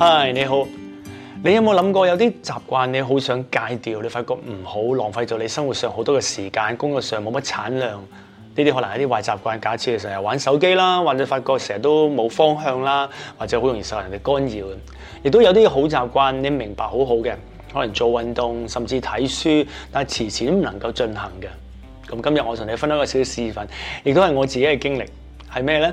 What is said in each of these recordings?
嗨，你好，你有冇諗過有啲習慣你好想戒掉？你發覺唔好，浪費咗你生活上好多嘅時間，工作上冇乜產量。呢啲可能係啲壞習慣，假設你成日玩手機啦，或者你發覺成日都冇方向啦，或者好容易受人哋干擾。亦都有啲好習慣，你明白好好嘅，可能做運動，甚至睇書，但係遲遲都唔能夠進行嘅。咁今日我同你分享一個小示範，亦都係我自己嘅經歷，係咩呢？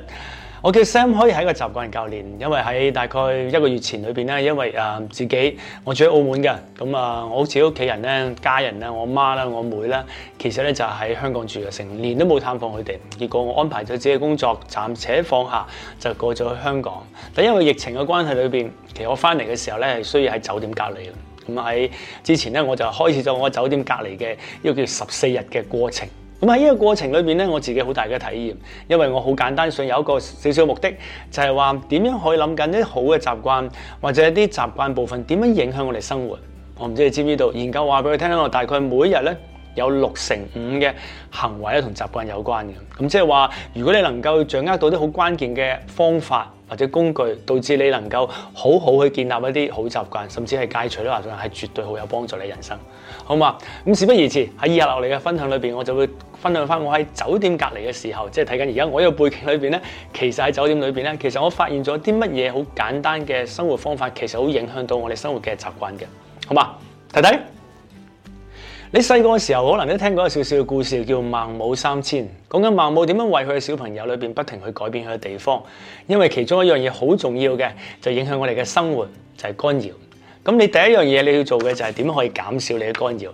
我叫 Sam，可以係個習慣教練，因為喺大概一個月前裏邊咧，因為誒、呃、自己我住喺澳門嘅，咁啊我好似屋企人咧、家人咧、我媽啦、我妹啦，其實咧就喺、是、香港住啊，成年都冇探訪佢哋。結果我安排咗自己嘅工作暫且放下，就過咗香港。但因為疫情嘅關係裏邊，其實我翻嚟嘅時候咧係需要喺酒店隔離。咁喺之前咧我就開始咗我酒店隔離嘅呢、這個叫十四日嘅過程。咁喺呢個過程裏面咧，我自己好大嘅體驗，因為我好簡單想有一個少少目的，就係話點樣可以諗緊啲好嘅習慣，或者啲習慣部分點樣影響我哋生活。我唔知你知唔知道？研究話俾佢聽咧，我大概每日咧有六成五嘅行為咧同習慣有關嘅。咁即係話，如果你能夠掌握到啲好關鍵嘅方法，或者工具，導致你能夠好好去建立一啲好習慣，甚至係戒除啲壞習慣，係絕對好有幫助你人生。好嘛？咁事不宜遲，喺以下落嚟嘅分享裏邊，我就會分享翻我喺酒店隔離嘅時候，即係睇緊而家我呢個背景裏邊咧，其實喺酒店裏邊咧，其實我發現咗啲乜嘢好簡單嘅生活方法，其實好影響到我哋生活嘅習慣嘅。好嘛？睇睇。你細個嘅時候可能都聽過一少少嘅故事，叫《孟母三遷》，講緊孟母點樣為佢嘅小朋友裏邊不停去改變佢嘅地方。因為其中一樣嘢好重要嘅，就影響我哋嘅生活，就係干擾。咁你第一樣嘢你要做嘅就係點樣可以減少你嘅干擾？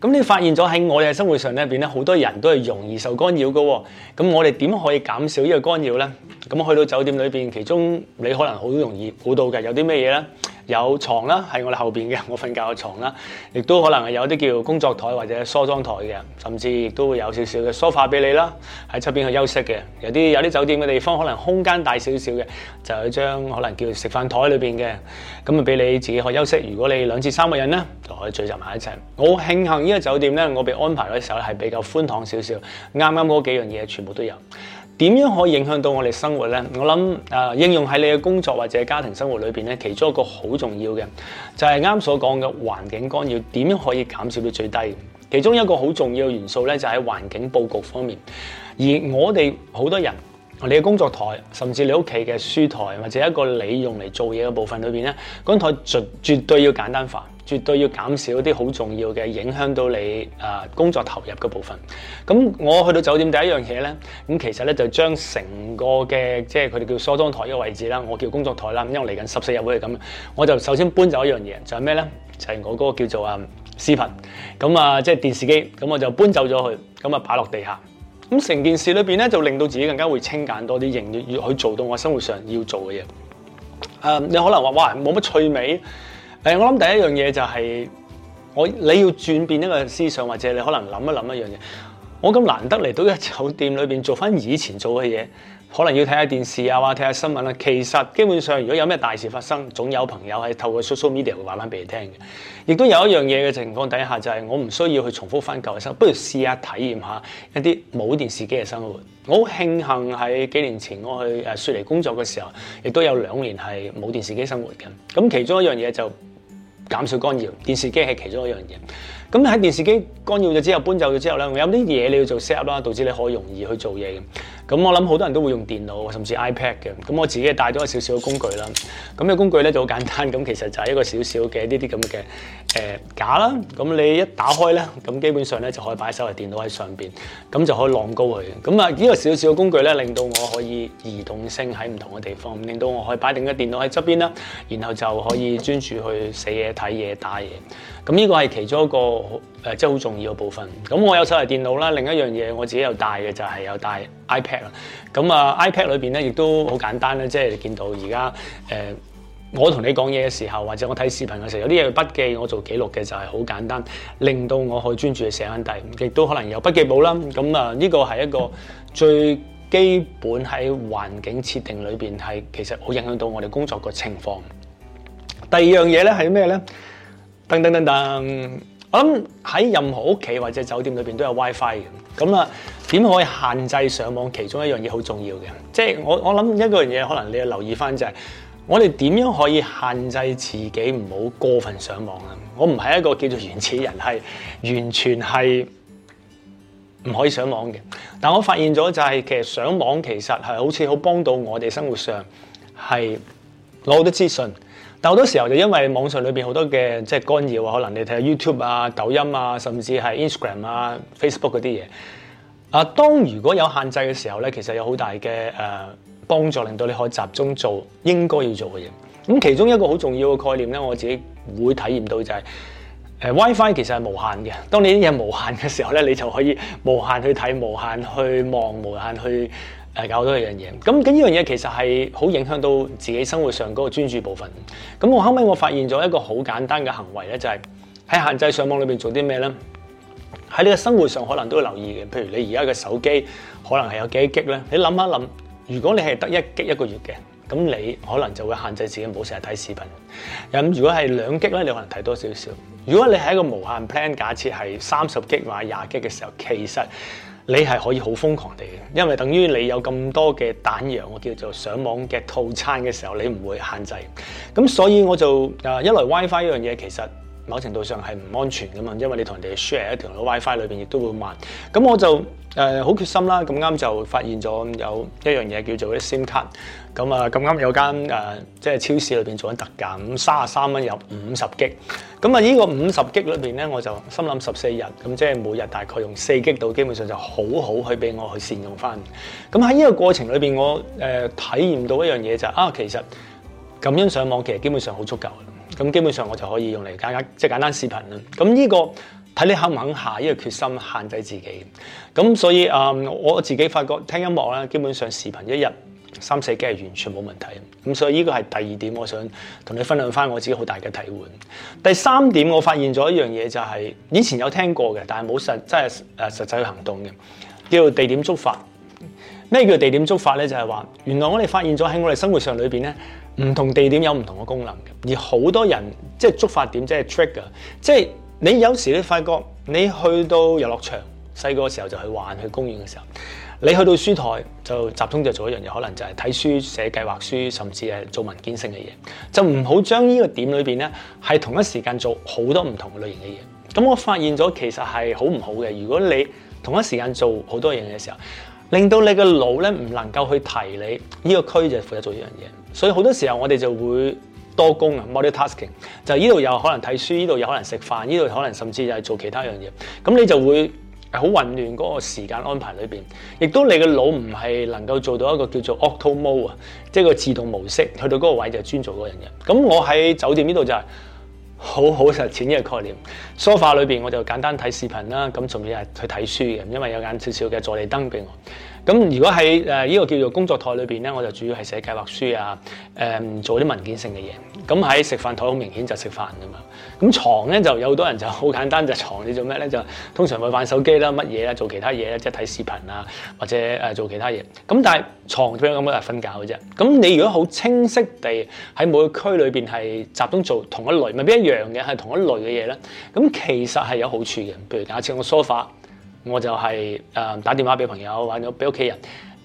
咁你發現咗喺我哋嘅生活上咧，邊咧好多人都係容易受干擾嘅。咁我哋點可以減少呢個干擾呢？咁去到酒店裏邊，其中你可能好容易估到嘅有啲咩嘢呢？有床啦，喺我哋後邊嘅，我瞓覺嘅床啦，亦都可能係有啲叫工作台或者梳妝台嘅，甚至亦都會有少少嘅梳化俾你啦，喺出邊去休息嘅。有啲有啲酒店嘅地方可能空間大少少嘅，就有一張可能叫食飯台裏邊嘅，咁啊俾你自己去休息。如果你兩至三個人咧，就可以聚集埋一齊。我慶幸呢個酒店咧，我被安排嘅時候咧係比較寬敞少少，啱啱嗰幾樣嘢全部都有。點樣可以影響到我哋生活呢？我諗誒、呃、應用喺你嘅工作或者家庭生活裏面，其中一個好重要嘅就係、是、啱所講嘅環境干擾，點樣可以減少到最低？其中一個好重要嘅元素呢，就係、是、環境佈局方面。而我哋好多人，你嘅工作台，甚至你屋企嘅書台，或者一個你用嚟做嘢嘅部分裏面，咧，嗰台絕絕對要簡單化。絕對要減少一啲好重要嘅影響到你啊工作投入嘅部分。咁我去到酒店第一樣嘢咧，咁其實咧就將成個嘅即係佢哋叫梳妝台嘅位置啦，我叫工作台啦。因為嚟緊十四日會係咁，我就首先搬走一樣嘢，就係咩咧？就係、是、我嗰個叫做啊視頻咁啊，即係電視機，咁我就搬走咗佢，咁啊擺落地下。咁成件事裏邊咧，就令到自己更加會清簡多啲，認要去做到我生活上要做嘅嘢。誒、嗯，你可能話哇，冇乜趣味。誒、就係，我諗第一樣嘢就係我你要轉變一個思想，或者你可能諗一諗一樣嘢。我咁難得嚟到一酒店裏邊做翻以前做嘅嘢，可能要睇下電視啊、睇下新聞啦。其實基本上，如果有咩大事發生，總有朋友係透過 social media 會話翻俾你聽嘅。亦都有一樣嘢嘅情況底下、就係，就係我唔需要去重複翻舊嘅生活，不如試下體驗下一啲冇電視機嘅生活。我好慶幸喺幾年前我去誒雪梨工作嘅時候，亦都有兩年係冇電視機生活嘅。咁其中一樣嘢就～減少干擾，電視機係其中一樣嘢。咁喺電視機干擾咗之後，搬走咗之後咧，有啲嘢你要做 set up 啦，導致你可以容易去做嘢。咁我諗好多人都會用電腦甚至 iPad 嘅。咁我自己帶咗個少少工具啦。咁個工具咧就好簡單，咁其實就係一個少少嘅呢啲咁嘅誒架啦。咁你一打開咧，咁基本上咧就可以擺手提電腦喺上邊，咁就可以晾高佢。咁啊呢個少少嘅工具咧，令到我可以移動性喺唔同嘅地方，令到我可以擺定個電腦喺側邊啦，然後就可以專注去寫嘢、睇嘢、打嘢。咁呢個係其中一個。誒，即係好重要嘅部分。咁我有手提電腦啦，另一樣嘢我自己有帶嘅就係、是、有帶 iPad 啦。咁啊，iPad 裏邊咧亦都好簡單咧，即係你見到而家誒，我同你講嘢嘅時候，或者我睇視頻嘅時候，有啲嘢筆記我做記錄嘅就係好簡單，令到我可以專注去寫緊第五，亦都可能有筆記簿啦。咁啊，呢個係一個最基本喺環境設定裏邊係其實好影響到我哋工作嘅情況。第二樣嘢咧係咩咧？噔噔噔噔。燈燈燈燈。我諗喺任何屋企或者酒店裏邊都有 WiFi 嘅，咁啊，點可以限制上網？其中一樣嘢好重要嘅，即係我我諗一樣嘢，可能你要留意翻，就係我哋點樣可以限制自己唔好過分上網啊！我唔係一個叫做原始人，係完全係唔可以上網嘅。但我發現咗就係，其實上網其實係好似好幫到我哋生活上，係攞好多資訊。但好多時候就因為網上裏面好多嘅即係干擾，可能你睇下 YouTube 啊、抖音啊，甚至係 Instagram 啊、Facebook 嗰啲嘢。啊，當如果有限制嘅時候咧，其實有好大嘅誒幫助，令到你可以集中做應該要做嘅嘢。咁，嗯，其中一個好重要嘅概念咧，我自己會體驗到就係、是呃，WiFi 其實係無限嘅。當你啲嘢無限嘅時候咧，你就可以無限去睇、無限去望、無限去。誒搞多一樣嘢，咁咁呢樣嘢其實係好影響到自己生活上嗰個專注部分。咁我後屘我發現咗一個好簡單嘅行為咧，就係、是、喺限制上網裏面做啲咩咧。喺你嘅生活上可能都會留意嘅，譬如你而家嘅手機可能係有幾激咧。你諗一諗，如果你係得一激一個月嘅，咁你可能就會限制自己唔好成日睇視頻。咁如果係兩激咧，你可能睇多少少。如果你係一個無限 plan，假設係三十激或者廿激嘅時候，其實。你係可以好瘋狂地嘅，因為等於你有咁多嘅彈藥，我叫做上網嘅套餐嘅時候，你唔會限制。咁所以我就，啊，一來 WiFi 呢樣嘢其實某程度上係唔安全㗎嘛，因為你同人哋 share 一條嘅 WiFi 裏邊，亦都會慢。咁我就。好、呃、決心啦！咁啱就發現咗有一樣嘢叫做啲 SIM 卡，咁啊咁啱有間、呃、即係超市裏面做緊特價，五三十三蚊有五十 G，咁啊呢個五十 G 裏面咧我就心諗十四日，咁、嗯、即係每日大概用四 G 到，基本上就好好去俾我去善用翻。咁喺呢個過程裏面，我誒、呃、體驗到一樣嘢就係、啊，其實咁樣上網其實基本上好足夠，咁、嗯、基本上我就可以用嚟簡簡即係簡單視頻啦。咁、嗯、呢、個睇你肯唔肯下呢個決心限制自己，咁所以啊，我自己發覺聽音樂咧，基本上視頻一日三四 G 係完全冇問題嘅。咁所以呢個係第二點，我想同你分享翻我自己好大嘅體會。第三點，我發現咗一樣嘢就係以前有聽過嘅，但係冇實即係誒實際去行動嘅，叫做地點觸發。咩叫做地點觸發咧？就係話原來我哋發現咗喺我哋生活上裏邊咧，唔同地點有唔同嘅功能，而好多人即係觸發點即係 trigger，即係。你有時你發覺，你去到遊樂場，細個時候就去玩；去公園嘅時候，你去到書台就集中就做一樣嘢，可能就係睇書、寫計劃書，甚至係做文件性嘅嘢，就唔好將呢個點裏面咧，係同一時間做好多唔同嘅類型嘅嘢。咁我發現咗其實係好唔好嘅。如果你同一時間做好多嘢嘅時候，令到你嘅腦咧唔能夠去提你呢個區就負責做呢樣嘢。所以好多時候我哋就會。多工啊，multitasking 就呢度有可能睇書，呢度有可能食飯，呢度可能甚至係做其他樣嘢，咁你就會好混亂嗰個時間安排裏面，亦都你嘅腦唔係能夠做到一個叫做 auto mode 啊，即係個自動模式，去到嗰個位就專做嗰樣嘢。咁我喺酒店呢度就係好好實踐呢個概念，So 沙發裏面我就簡單睇視頻啦，咁仲要係去睇書嘅，因為有眼少少嘅助理燈俾我。咁如果喺誒呢個叫做工作台裏邊咧，我就主要係寫計劃書啊，嗯、做啲文件性嘅嘢。咁喺食飯台好明顯就食飯噶嘛。咁床咧就有好多人就好簡單就係、床你做咩咧？就通常會玩手機啦、乜嘢啦、做其他嘢啦，即係睇視頻啊，或者誒做其他嘢。咁但係床，咁樣咁啊？瞓覺嘅啫。咁你如果好清晰地喺每個區裏邊係集中做同一類，未必一樣嘅，係同一類嘅嘢咧。咁其實係有好處嘅。譬如假設我梳化。我就係、是呃、打電話俾朋友，或者俾屋企人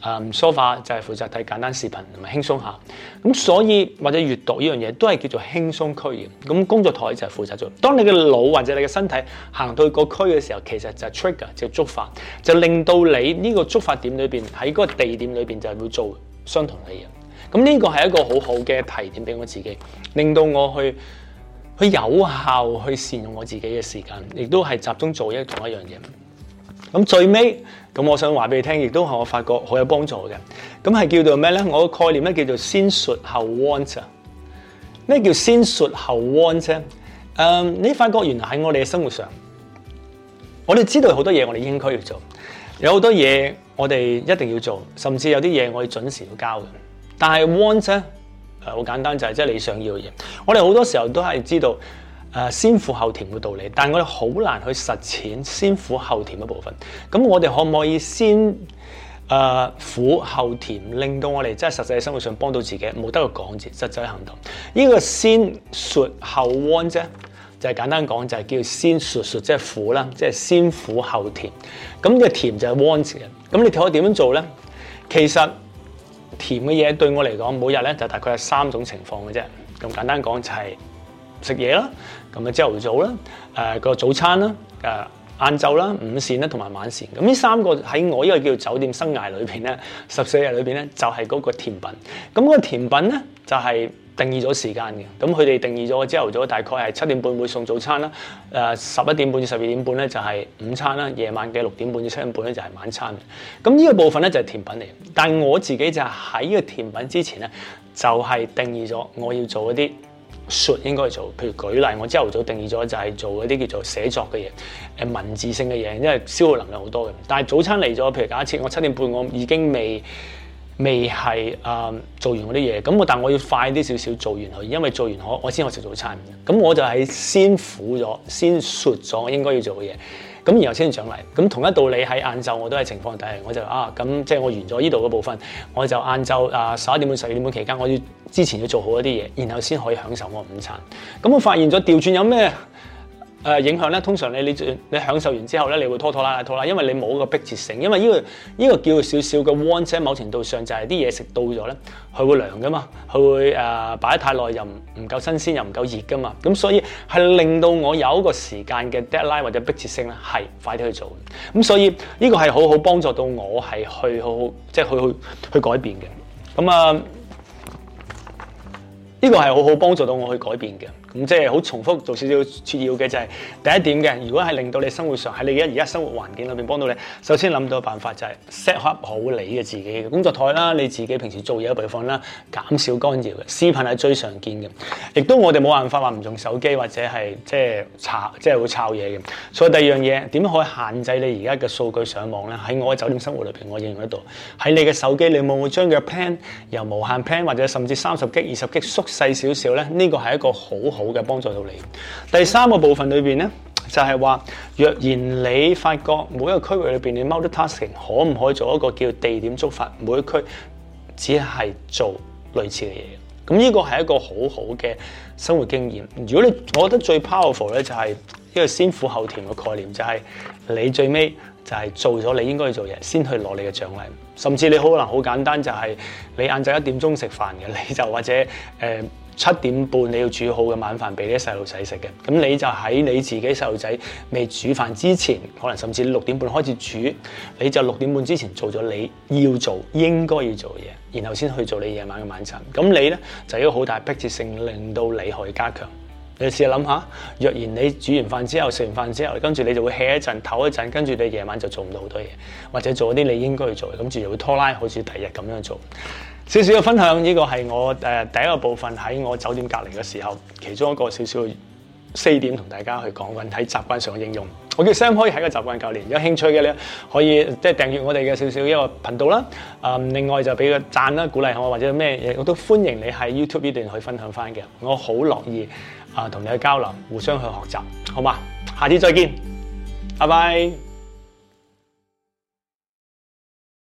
誒 sofa、呃、就係負責睇簡單視頻同埋輕鬆下。咁所以或者閲讀呢樣嘢都係叫做輕鬆區嘅。咁工作台就係負責做，當你嘅腦或者你嘅身體行到個區嘅時候，其實就係 trigger，就係觸發，就令到你呢個觸發點裏面，喺嗰個地點裏面就係會做相同嘅嘢。咁呢個係一個好好嘅提點俾我自己，令到我去去有效去善用我自己嘅時間，亦都係集中做一同一樣嘢。咁最尾，咁我想話俾你聽，亦都係我發覺好有幫助嘅。咁係叫做咩咧？我嘅概念咧叫做先說後 want。咩叫先說後 want 咧？誒，你發覺原來喺我哋嘅生活上，我哋知道好多嘢，我哋應該要做，有好多嘢我哋一定要做，甚至有啲嘢我哋準時要交嘅。但係 want 咧，誒，好簡單就係即係你想要嘅嘢。我哋好多時候都係知道。誒先苦後甜嘅道理，但我哋好難去實踐先苦後甜嘅部分。咁我哋可唔可以先誒、呃、苦後甜，令到我哋真係實際生活上幫到自己？冇得個講字，實際行動。呢、這個先説後汪啫，就係、是、簡單講，就係、是、叫先説説即係苦啦，即係先苦後甜。咁嘅甜就係汪字嘅。咁你睇我點樣做咧？其實甜嘅嘢對我嚟講，每日咧就大概有三種情況嘅啫。咁簡單講就係、是。食嘢啦，咁嘅朝頭早啦，個、呃、早餐啦，誒晏晝啦，午膳啦，同埋晚膳。咁呢三個喺我呢個叫酒店生涯裏邊咧，十四日裏面咧就係嗰個甜品。咁、個甜品咧就係、是、定義咗時間嘅。咁佢哋定義咗朝頭早大概係七點半會送早餐啦，呃，十一點半至十二點半咧就係午餐啦，夜晚嘅六點半至七點半咧就係晚餐。咁呢個部分咧就係甜品嚟。但係我自己就喺呢個甜品之前咧，就係定義咗我要做一啲。說應該去做，譬如舉例，我朝頭早定義咗就係做嗰啲叫做寫作嘅嘢，誒文字性嘅嘢，因為消耗能量好多嘅。但係早餐嚟咗，譬如假設我七點半，我已經未未係誒、呃、做完嗰啲嘢，咁我但係我要快啲少少做完佢，因為做完我我先可以食早餐。咁我就係先苦咗，先說咗應該要做嘅嘢。咁然後先上嚟，咁同一道理喺晏晝我都係情況底下，我就啊，咁即係我完咗呢度嘅部分，我就晏晝啊十一點半十二點半期間，我要之前要做好一啲嘢，然後先可以享受我午餐。咁我發現咗調轉有咩，誒、啊、影響咧，通常咧你你，你享受完之後咧，你會拖拖拉拉拖啦，因為你冇個迫切性，因為呢、這個依、這個叫少少嘅 want。某程度上就係啲嘢食到咗咧，佢會涼噶嘛，佢會誒擺得太耐又唔唔夠新鮮，又唔夠熱噶嘛，咁所以係令到我有一個時間嘅 deadline 或者迫切性咧，係快啲去做。咁所以呢、這個係好好幫助到我係去好好即係、就是、去去去改變嘅。咁啊，呢、這個係好好幫助到我去改變嘅。咁即係好重複做少少次要嘅就係第一點嘅，如果係令到你生活上喺你而家生活環境裏邊幫到你，首先諗到嘅辦法就係 set up 好你嘅自己嘅工作台啦，你自己平時做嘢嘅地方啦，減少干擾嘅視頻係最常見嘅，亦都我哋冇辦法話唔用手機或者係即係抄即係會抄嘢嘅。所以第二樣嘢點可以限制你而家嘅數據上網咧？喺我喺酒店生活裏邊我應用得到，喺你嘅手機你有冇會將個 plan 由無限 plan 或者甚至三十 G 二十 G 縮細少少咧？呢個係一個好好。好嘅幫助到你。第三個部分裏邊咧，就係話，若然你發覺每一個區域裏邊你 multi-tasking，可唔可以做一個叫地點觸發？每一區只係做類似嘅嘢。咁呢個係一個好好嘅生活經驗。如果你我覺得最 powerful 咧，就係呢個先苦後甜嘅概念，就係你最尾就係做咗你應該要做嘢，先去攞你嘅獎勵。甚至你可能好簡單，就係你晏晝一點鐘食飯嘅，你就或者誒。呃七點半你要煮好嘅晚飯俾啲細路仔食嘅，咁你就喺你自己細路仔未煮飯之前，可能甚至六點半開始煮，你就六點半之前做咗你要做應該要做嘅嘢，然後先去做你夜晚嘅晚餐。咁你呢，就一個好大逼切性令到你可以加強。你試下諗下，若然你煮完飯之後食完飯之後，跟住你就會起一陣唞一陣，跟住你夜晚就做唔到好多嘢，或者做啲你應該去做嘅，跟住又會拖拉，好似第日咁樣做。少少嘅分享，呢、這個係我誒第一個部分喺我酒店隔離嘅時候，其中一個少少嘅四點同大家去講緊喺習慣上嘅應用。我叫 Sam，可以喺一個習慣教練。有興趣嘅咧，可以即係訂閱我哋嘅少少一個頻道啦。啊，另外就俾個讚啦，鼓勵我或者咩嘢，我都歡迎你喺 YouTube 呢段去分享翻嘅。我好樂意啊，同你去交流，互相去學習，好嘛？下次再見，拜拜。